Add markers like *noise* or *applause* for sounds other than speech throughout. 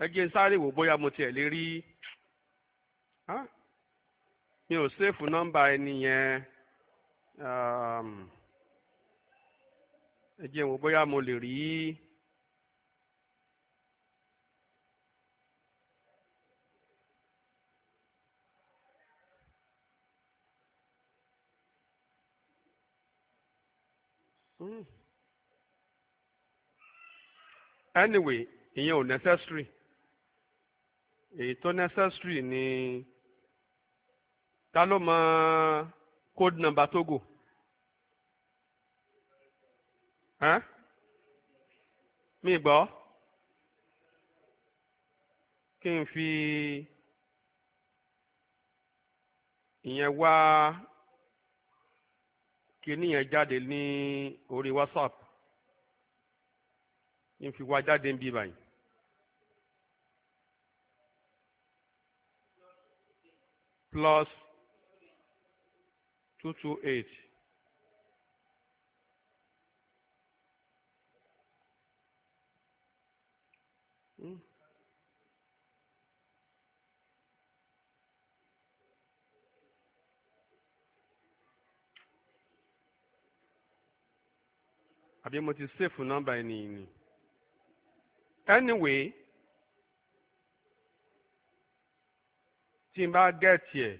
ẹ jẹ́ ń sáré wò bóyá mo tiẹ̀ lè rí mi ò séèfù nọ́mbà ẹni yẹn ehm, ẹ jẹ́ wò bóyá mo lè rí. Hmm. anyway ìyẹn ò necessary èyí tó necessary ni ta ló mọ code number Togo ẹ́n mi gbọ́ kí n fi ìyẹn wá kíní yẹn jáde ní orí WhatsApp kí n fi wá jáde níbí báyìí. plus two two eight. Hmm? àbí mo ti sèfù nọ́mbà ẹni ni anyway tí n bá gẹ̀ẹ́tì ẹ̀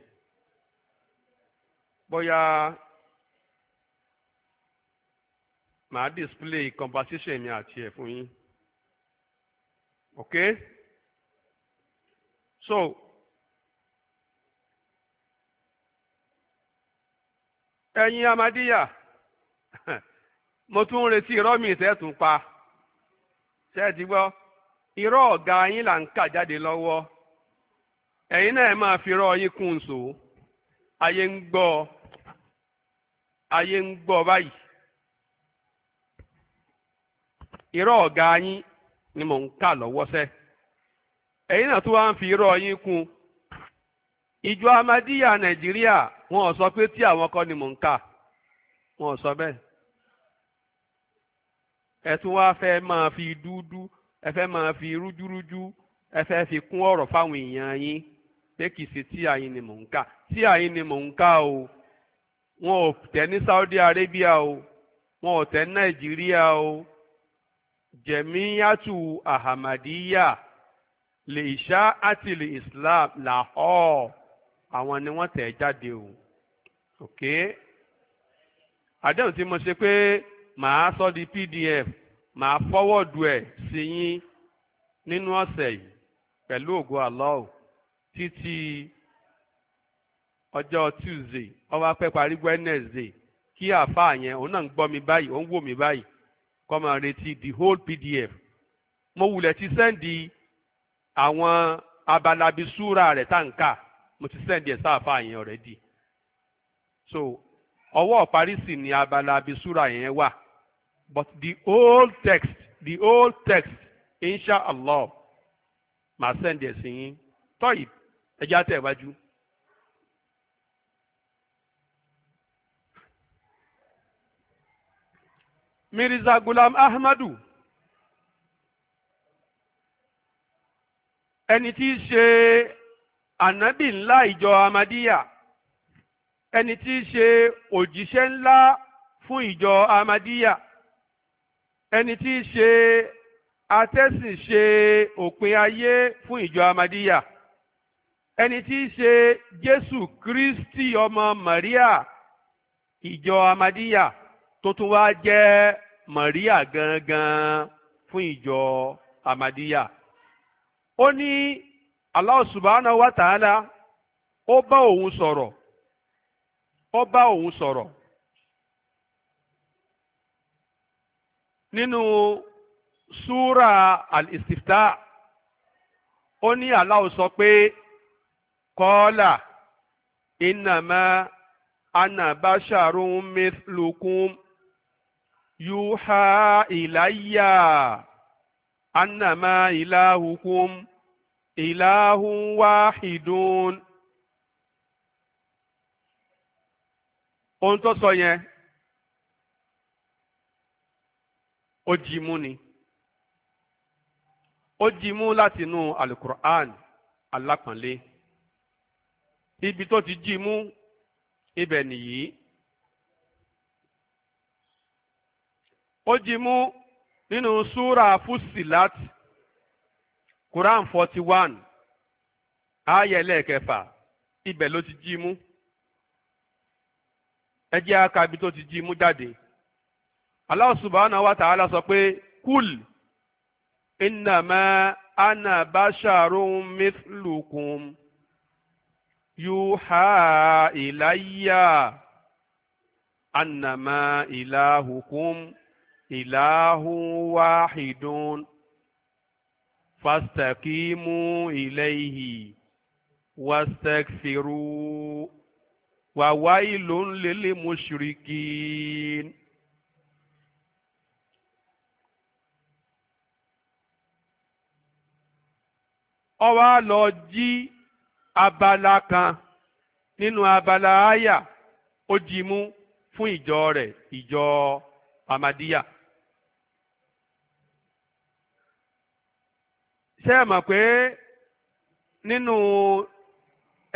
bóyá màá display conversation mi àti ẹ̀ fún yín ok so ẹ̀yin amadíyà *laughs* mo tún ń retí irọ́ mi ìtẹ́tùn pa ṣé ẹ ti gbọ́ irọ́ ọ̀gá yín là ń kà jáde lọ́wọ́. ẹ̀yin náà máa fi rọ́ ọyín kún un so ayé ń gbọ́ ayé ń gbọ́ báyìí irọ́ ọ̀gá yín ni mò ń kà lọ́wọ́ sẹ́ ẹ̀yin náà tó wá ń fi irọ́ ọyín kún un ìjọ amadíyà nàìjíríà wọn ò sọ pé tí àwọn kọ́ ni mò ń kà wọn ò sọ bẹ́ẹ̀ ẹ tún wá fẹ́ máa fi dúdú ẹ fẹ́ máa fi rújúrújú ẹ fẹ́ fi kún ọ̀rọ̀ fáwọn èèyàn yín. ṣé kìí ṣe tí àyìn ni mò ń kà tí àyìn ni mò ń kà o wọn ò tẹ̀ ní Saudi Arabia o wọn ò tẹ̀ ní Nàìjíríà o jẹ̀míyàtù ahamadiya lè ṣá àti lè Islam làhọ́ àwọn ni wọ́n tẹ̀ jáde o ok àdéhùn tí mo ṣe pé màá sọ di pdf màá fọwọ́dù ẹ̀ sí yín nínú ọ̀sẹ̀ yìí pẹ̀lú ògo Allah títí ọjọ́ tuesday ọwọ́ apẹ́ parí wednesday kí àáfàá yẹn òun náà ń gbọ́ mi báyìí òun wò mí báyìí kọ́ máa retí the whole pdf mo wulẹ̀ ti sẹ́ndì àwọn abalabi súra rẹ̀ tá n kà mo ti sẹ́ndì ẹ̀ sáàfàá yẹn already so ọwọ́ parí sì ni abalabi súra yẹn wà but the old text the old text inshallah màá sẹ́ndì ẹ̀ sí yín tọ́yìí ẹjẹ́ àtẹ̀wájú. Mirza Gulam Ahmadu ẹni tí í ṣe ànábì ńlá ìjọ Ahmadiyya ẹni tí í ṣe òjíṣẹ́ ńlá fún ìjọ Ahmadiyya ẹni tí í ṣe atẹ́sìn ṣe òpin ayé fún ìjọ Ahmadiyya. ẹni tí í ṣe jésù kristi ọmọ maria ìjọ amadiya tó tún wá jẹ́ maria gangan fún ìjọ amadiya ó ní Allah subhanahu wa ó bá òun sọ̀rọ̀ ó bá òun sọ̀rọ̀ nínú súra al ó ní Allah pé. kọ́ọ́là innama ana basharun mithlukum yuha ilayya annama ilahukum ilahun wahidun. ohun tó sọ yẹn ó jí mú ni ó jí mú látinú alukur'an alápọ̀nlé. Al ibi tó ti jí mú ibẹ̀ nìyí. ó jí mú nínú súra Fussilat Quran forty one ayẹ lẹ́ẹ̀kẹfà ibẹ̀ ló ti jí mú ẹ jẹ́ aka ibi tó ti jí mú jáde. Allah subhanahu wa ta'ala sọ pé kúl innama ana basharun mithlukum. يوحى إلي أنما إلهكم إله واحد فاستقيموا إليه واستغفروا وويل للمشركين ó wá lọ jí abala kan nínú abala àyà ó di mú fún ìjọ rẹ̀ ìjọ amadiya. ṣé ẹ mọ̀ pé nínú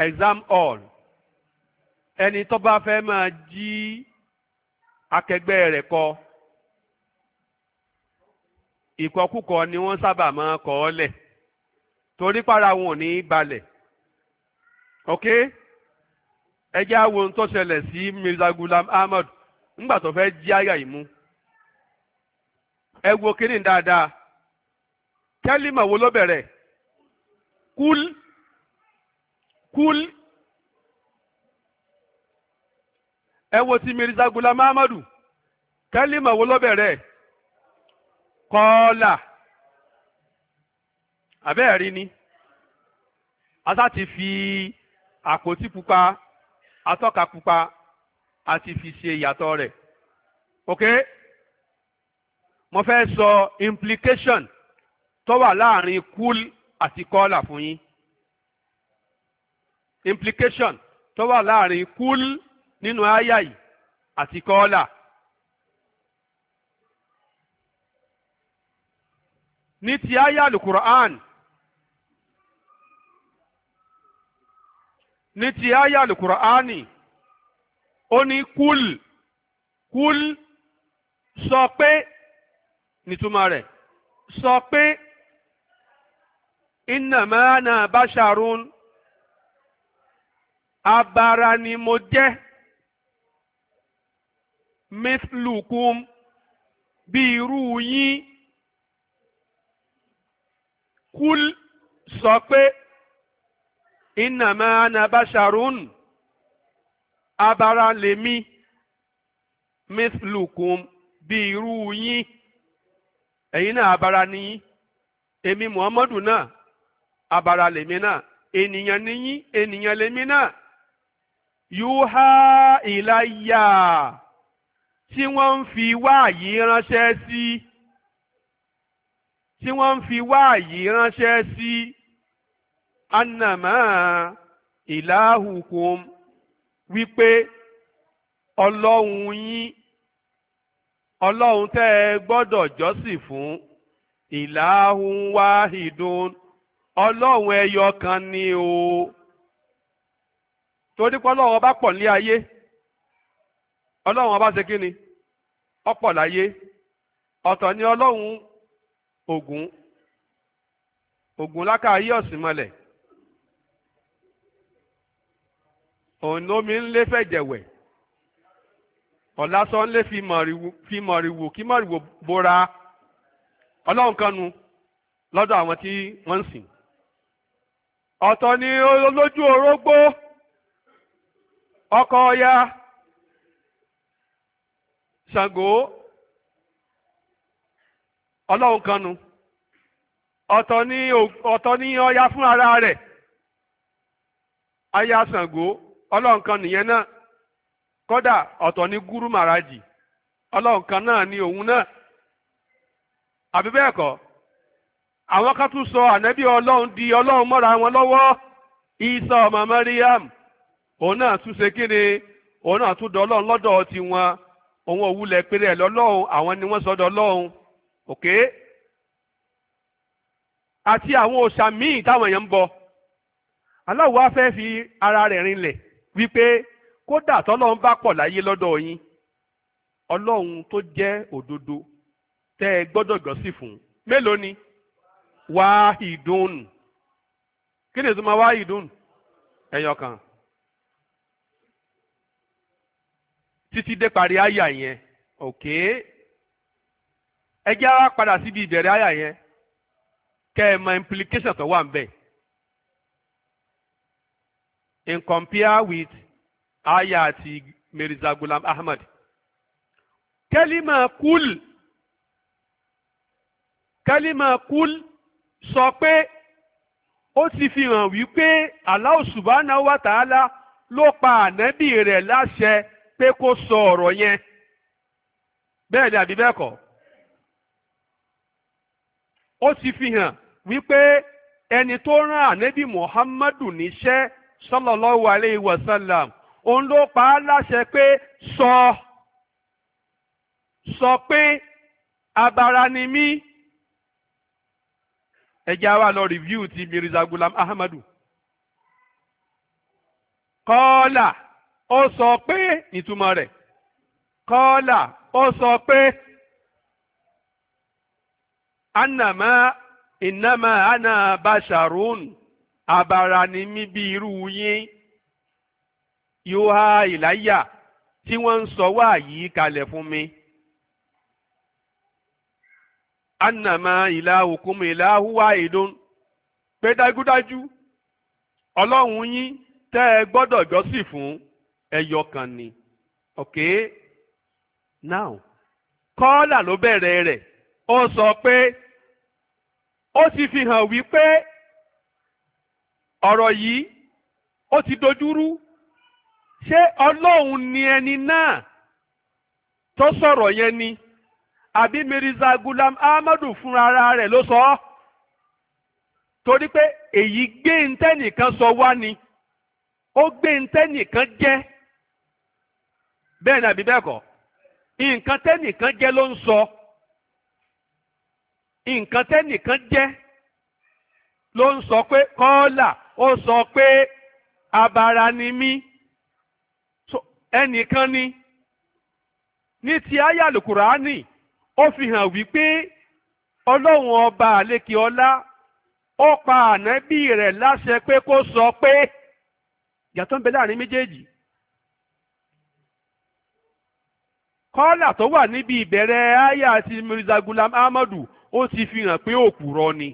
exam hall ẹni tó bá fẹ́ máa jí akẹgbẹ́ rẹ̀ kọ ìkọkúkọ ni wọ́n sábà máa kọ ọ́ lẹ̀ torí para wọn ò ní balẹ̀ ok ẹ jẹ́ àwọn ohun tó ṣẹlẹ̀ sí Mirza Gulam Ahmad ńgbà tó fẹ́ jí àyà yìí mú ẹ wo kínní dáadáa kẹ́límà wo ló bẹ̀rẹ̀ kúl kúl ẹ wo ti Mirza Gulam Ahmadu kẹ́límà wo ló bẹ̀rẹ̀ kọ́ọ́là àbẹ́ẹ̀rí ni a ti fi àpótí pupa atọ́ka pupa àti fi ṣe ìyàtọ̀ rẹ̀ ok mo fẹ́ sọ implication tó wà láàrin cool àti kọ́là fún yín implication tó wà láàrin cool nínú àyà yìí àti kọ́là. ní ti àyà alukur'an ní ti aya alukur'ani ó ní kúl kúl sọ pé nítumọ̀ rẹ̀ sọ pé innama ana basharun abara ni mo jẹ́ mithlukum bí irú yín kúl sọ pé innama ana basharun abara lèmi mithlukum bí irú yín ẹ̀yin náà abara nìyí èmi muhammadu náà abara lèmi náà ènìyàn nìyí ènìyàn lèmi náà yuha ìláyà tí wọ́n ń fi wáàyí ránṣẹ́ sí tí wọ́n ń fi wáàyí ránṣẹ́ sí. Si anamá ìlàhùkùn wípé ọlọ́run yín ọlọ́run tẹ́ ẹ gbọ́dọ̀ jọ́sìn fún ìlàhùn wáhìdùn ọlọ́run ẹyọ kan ni o torí pé ọlọ́run ọba pọ̀ ní ayé ọlọ́run ọba ṣe kí ni ọ̀pọ̀ láyé ọ̀tọ̀ ni ọlọ́run Ògún Ògún lákàáyé ọ̀sìn mọ́lẹ̀. òun lómi ń lé fẹ̀jẹ̀wẹ̀ fi mọ̀rìwò kí mọ̀rìwò bora ọlọ́run kanu lọ́dọ̀ àwọn tí wọ́n ń sìn Ọtọ ni olójú orógbó ọkọ̀ ọya ṣàngó ọlọ́run kanu ọ̀tọ̀ ni ni ọya fún ara rẹ̀ aya ṣàngó ọlọ́run kan nìyẹn náà kọ́dà ọ̀tọ̀ ní gúrú màrájì ọlọ́run kan náà ni òun náà àbí bẹ́ẹ̀ kọ́ àwọn kan tún sọ ànábì ọlọ́run di ọlọ́run mọ́ra wọn lọ́wọ́ Isa ọmọ Mariam òun náà tún ṣe kíni òun náà tún dọ́lọ́run lọ́dọ̀ tiwọn òun ò wulẹ̀ péré ẹ̀ lọ́lọ́run àwọn ni wọ́n sọ́dọ̀ ọlọ́run òkè àti àwọn òòṣà míì táwọn èèyàn ń bọ aláwo á fi ara rẹ̀ rinlẹ̀ wípé kódà tọ́lọ́run bá pọ̀ láyé lọ́dọ̀ yín ọlọ́run tó jẹ́ òdodo tẹ́ ẹ gbọ́dọ̀ gbọ́sì fún mélòó ni wáhìdùn kí ni ìtumọ̀ wáhìdùn ẹ̀yọ̀ kan títí dé parí àyà yẹn òkè ẹ jẹ́ wá padà síbi ìbẹ̀rẹ̀ àyà yẹn kẹ́ ẹ mọ implication tó wà ń bẹ̀ in compare with ayati Mirza Ghulam Ahmad kalima kul, kalima kul, sọ pé ó ti fi hàn wípé Allah subhanahu wa ta'ala ló pa ànábì rẹ̀ láṣẹ pé kó sọ ọ̀rọ̀ yẹn bẹ́ẹ̀ ni àbí bẹ́ẹ̀ kọ́ ó ti fi hàn wípé ẹni tó rán ànábì Muhammadu níṣẹ́ sallallahu alayhi wa sallam òun ló pa á láṣẹ pé sọ sọ pé abara ni mí ẹjẹ wa lọ rìvíù ti Mirza Gulam Ahmadu kọ́ọ̀là ó sọ pé ìtumọ̀ rẹ̀ kọ́ọ̀là ó sọ pé anama inama ana basharun. abara ni mí bí irú yín yóò won ìláyà tí wọ́n ń sọ wá yìí kalẹ̀ fún mi. annama ila ilahu wahidun pé dájúdájú ọlọ́run yín tẹ́ ẹ gbọ́dọ̀ jọ́sìn fún ẹyọ kan ni. ok now kọ́ọ́là ló bẹ̀rẹ̀ rẹ̀ ó sọ pé ó ti fi hàn wípé ọ̀rọ̀ yìí ó ti dojúrú ṣé ọlọ́run ni ẹni náà tó sọ̀rọ̀ yẹn ni àbí Mirza Gulam Ahmadu fúnra rẹ̀ ló sọ ọ́ torí pé èyí gbé ntẹ́nìkan sọ wá ni ó gbé ntẹ́nìkan jẹ́ bẹ́ẹ̀ ni àbí bẹ́ẹ̀ kọ́ nǹkan tẹ́nìkan jẹ́ ló ń sọ nǹkan tẹ́nìkan jẹ́ ló ń sọ pé kọ́ọ́là ó sọ pé abara ni mí ẹnìkan ni ní ti ayálùkùránì ó fi hàn wípé ọlọ́run ọba àlekè ọlá ó pa ànábì rẹ̀ láṣẹ pé kó sọ pé yàtọ̀ ń bẹ láàrin méjèèjì. kọ́là tó wà níbi ìbẹ̀rẹ̀ àyà àti Mirza Gulam Ahmadu ó ti fi hàn pé òpùrọ̀ ni.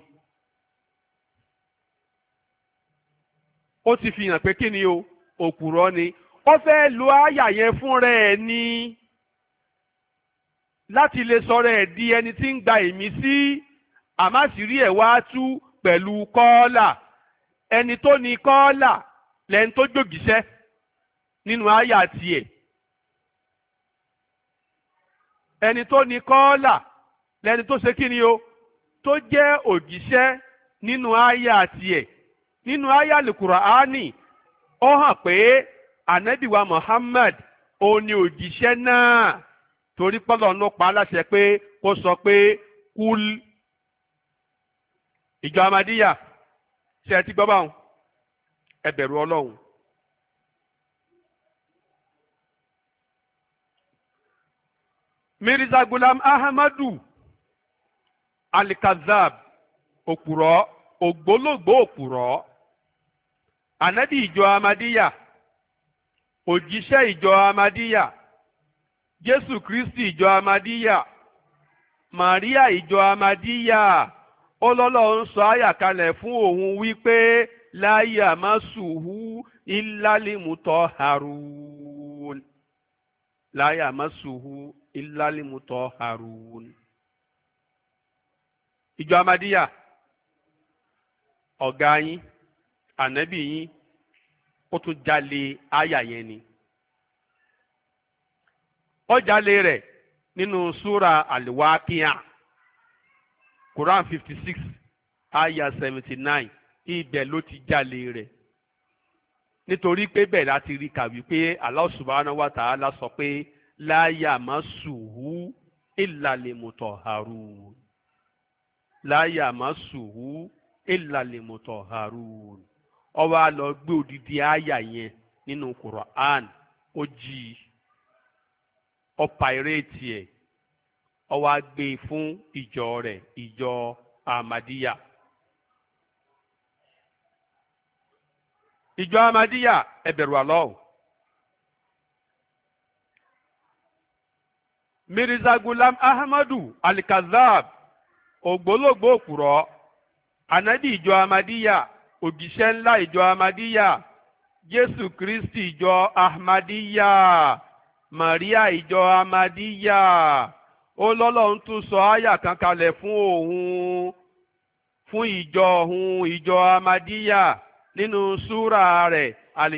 ó ti fi hàn pé kí ni o òkùrọ́ ni ó fẹ́ lo àyà yẹn fúnra ẹ̀ ni láti lè sọ̀rọ̀ ẹ̀ di ẹni tí ń gba ìmísí àmásìrí ẹ̀ wá tú pẹ̀lú kọ́ọ́là ẹni tó ní kọ́ọ́là lẹ́ni tó jògìṣẹ́ nínú àyà tiẹ̀ ẹni tó ní kọ́ọ́là lẹ́ni tó ṣe kí ni o tó jẹ́ ògìṣẹ́ nínú àyà tiẹ̀ nínú àyá ani ó hàn pé ànábìwá Muhammad òun òjíṣẹ́ náà torí pọ́lọ̀ ló pa pé kó sọ pé kúl ìjọ amadíyà ṣe ti gbọ́ báwọn Ahmadu alikazab ànábì Ijo Amadiya, Ojise Ijo amadíyà Jesu kristi Ijo amadíyà Maria Ijo amadíyà ọlọ́lọ́run sọ àyà kalẹ̀ fún òun wípé láyé àmásùhù ìlàlímùtọ́ harun láyé àmásùhù ìlàlímùtọ́ harun ìjọ Amadiya, ọ̀gá yín ànábì yín ó tún jalè àyà yẹn ni ó jalè rẹ nínú súra àlùwákíà Quran fifty six àyà seventy nine ibẹ̀ ló ti jalè rẹ nítorí pé bẹ́ẹ̀ láti rí kà wípé Allah subhanahu wa sọ pé ó lọ gbé odidi àyà yẹn nínú Quran ó jí i ó ẹ̀ gbé e fún ìjọ rẹ̀ ìjọ amadiya ìjọ Amadiya ẹ bẹ̀rù Allahu. Mirza Gulam Ahmadu Al-Kazab ògbólógbòó òpùrọ́ ànábì ìjọ Amadiya. òjíṣẹ́ ńlá ìjọ ahmadiyya jésù kristi ìjọ ahmadiyya maria ìjọ ahmadiyya ó lọ́lọ́run tún sọ àyà kan kalẹ̀ fún òun fún ìjọ òun ìjọ ahmadiyya nínú súra rẹ̀ al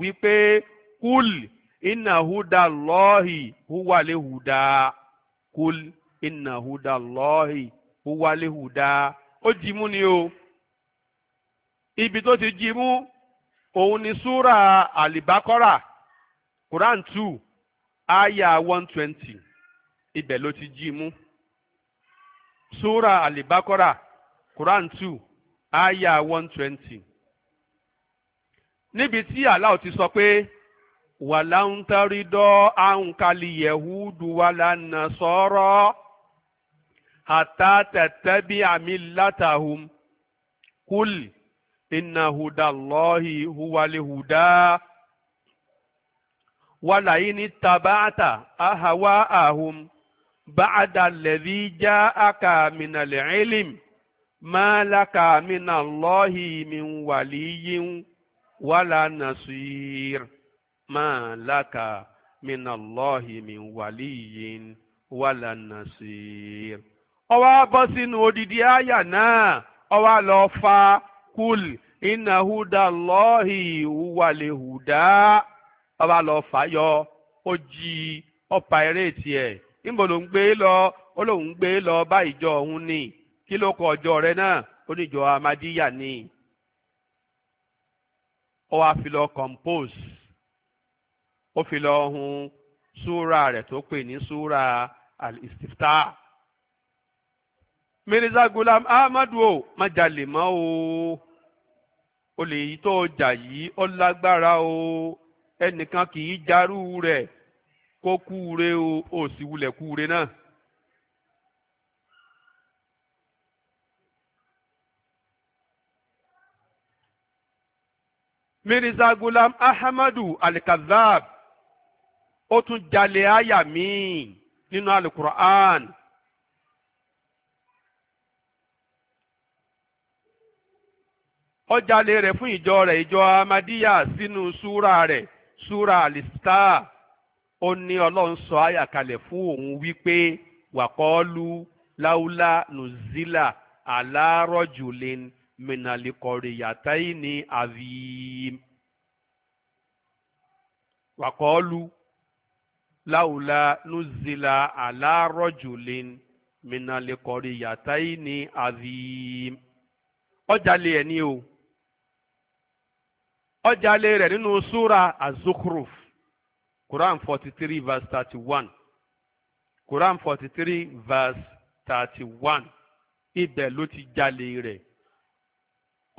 wípé kúl inna huda lọ́ọ̀hì huwalé huda kúl inna huda lọ́ọ̀hì huwalé huda ó dìímú ni o. ibi tó ti jí mú òun ni súrà àlìbákọ́rà Quran two aya one twenty ibẹ̀ ló ti jí mú súrà àlìbákọ́rà Quran two aya one twenty níbi tí Allah ti sọ pé wàláńtàrídọ́ àǹkálì yẹ̀húdù wàlánàṣọ́rọ́ àtàtẹ̀tẹ̀bí àmì látàhùn kúlì inna hudallahi huwal huda walaini tabata ahwaahum ba'da alladhi ja'aka minal ilm ma laka minallahi min waliyyin wala nasir ma laka minallahi min waliyyin wala nasir ó wá sínú odidi àyà náà ó lọ fa kul iná huda lọ́ọ̀hì wàlẹ̀ huda ọba lọ fàyọ ó jí ọpa eré tiẹ̀ níbo ló ń gbé lọ ó lóun gbé lọ bá ìjọ ọ̀hún ni kí ló kọ ọjọ́ rẹ náà ó níjọ amadíyà ni ó wá fi lọ compose ó fi lọ hun súra rẹ̀ tó pè ní súra al mirza gulam ahmadu o má jalè mọ́ o olè yìí tó jà yìí ó lágbára o ẹnìkan kì í jarú rẹ̀ kó kúure o ò sì wulẹ̀ kúure náà. mirza gulam ahmadu alikazab ó tún jalè àyà míì nínú alukur'an. ó jalè rẹ̀ fún ìjọ rẹ̀ ìjọ amadiya sínú súra rẹ̀ súra alista ó ní ọlọ́run sọ àyà kalẹ̀ fún òun wípé wàkọ́ọ́lù láúlá nùzílà alárọ́jùlín mìnàlíkọ̀rìyàtàìní àvìm wàkọ́ọ́lù láúlá nùzílà alárọ́jùlín mìnàlíkọ̀rìyàtàìní àvìm ọjà lè ẹ̀ ní o ọjàlé rẹ̀ nínú súra azukruf quran forty three verse thirty one quran forty three verse thirty one ibẹ̀ ló ti jalè rẹ̀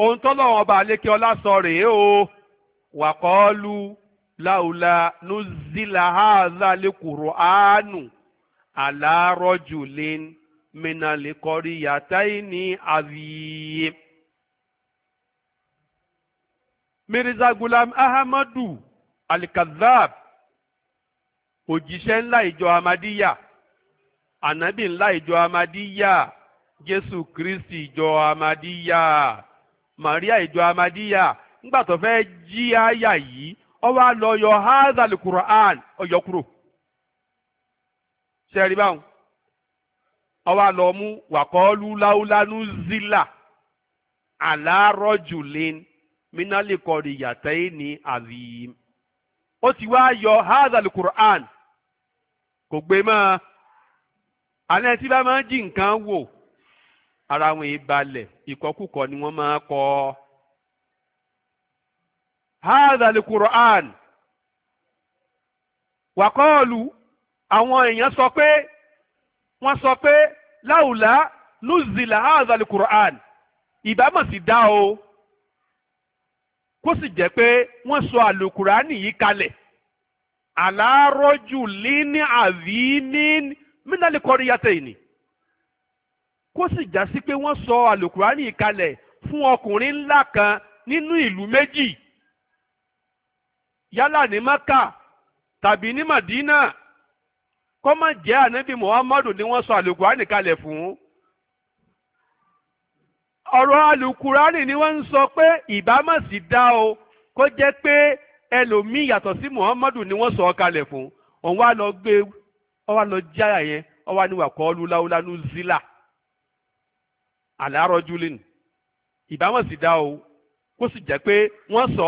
ohun tọ́lọ́wọ́n ọba àlékè ọlá sọ rèé o wàkọ́ọ́lù láwùlà nùzílà lẹ́kùrọ̀ àánú àlárọ́jù lẹ́nu mìnàlẹ́kọ́rí yàtá ìní àbíyé. mirza gulam ahamadu alikazab òjíṣẹ́ ńlá ìjọ amadiya ànábì ńlá ìjọ amadiya jésù kristi ìjọ amadiya maria ìjọ amadiya ńgbà fẹ́ jí àyà yìí ó wá lọ yọ hazal ọyọ kúrò báwọn minali kọ̀ọ̀rì yàtẹ́ ní o ó ti wa yọ hazal Qur'an kò gbé ma, àlẹ́ tí bá ma ń nkan wo ara wọn ìbalẹ̀ ìkọkúkọ ni wọn ma kọ hazal Qur'an wàkọ́ọ̀lù àwọn èèyàn sọ pé wọn sọ pé láwùlá nuzila hazal Qur'an ìbámọ̀ sì dá o. kó sì jẹ́ pé wọ́n sọ àlùkùránì yìí kalẹ̀ àlárọ́jù líní àbí ní mínàlíkọ́rí yàtọ̀ ìní kó sì já sí pé wọ́n sọ àlùkùránì yìí kalẹ̀ fún ọkùnrin ńlá kan nínú ìlú méjì yálà ní Mẹ́kà tàbí ní Màdínà kó má jẹ́ ànábì Muhammadu ni wọ́n sọ àlùkùránì kalẹ̀ fún ọ̀rọ̀ alukurani ni wọ́n ń sọ pé ìbámasì dá o kó jẹ́ pé ẹlòmíì yàtọ̀ sí muhammadu ni wọ́n sọ ọ́ fún òun wá lọ gbé ọ wá lọ àyà yẹn ọ wá lanu zila ìbámasì dá o kó sì jẹ́ pé wọ́n sọ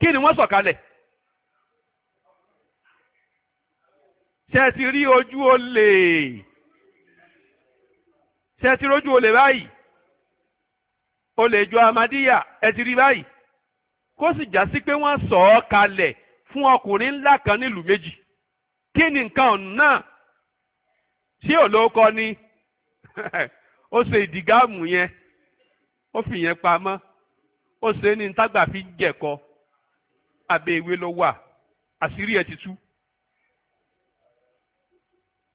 kí ni wọ́n sọ kalẹ̀ rí ojú olè jọ amadíyà ẹ ti rí báyìí kó sì já sí pé wọn sọ ọ́ kalẹ̀ fún ọkùnrin ńlá kan nílùú méjì kí ni nǹkan ọ̀nà náà tí olóòkọ ni *laughs* ó ṣe ìdígàmù yẹn ó fi yẹn pamọ́ ó ṣe ní ntàgbà fi jẹ̀kọ abẹ́ ìwé ló wà àṣírí ẹ̀ ti tú.